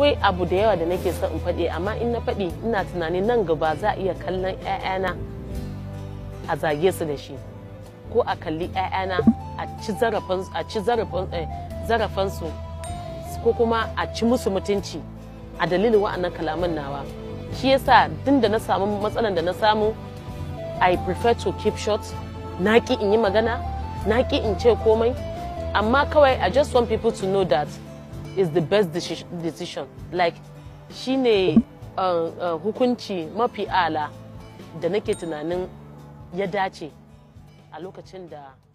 akwai abu da yawa da nake son in faɗi amma in na faɗi ina tunanin nan gaba za a iya kallon 'ya'yana a zage su da shi ko a kalli 'ya'yana a ci eh, zarafansu ko kuma a ci musu mutunci a dalilin wa'annan kalaman nawa shi yasa din da na samu matsalan da na samu i prefer to keep short na ki in yi magana na ki in ce komai amma kawai i just want people to know that is the best decision like shine ne uh, uh, hukunci mafi ala da nake tunanin ya dace a lokacin da